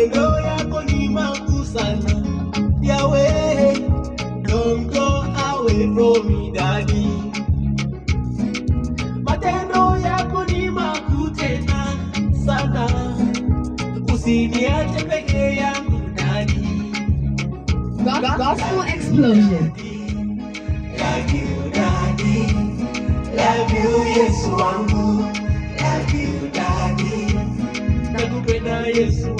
mapendo yako ni mangu sana yawe don't go away from me daddy matendo yako ni mangu tena sana usiniache peke yangu daddy Gospel Explosion Love you daddy Love you Yesu wangu Love you daddy Nakupenda Yesu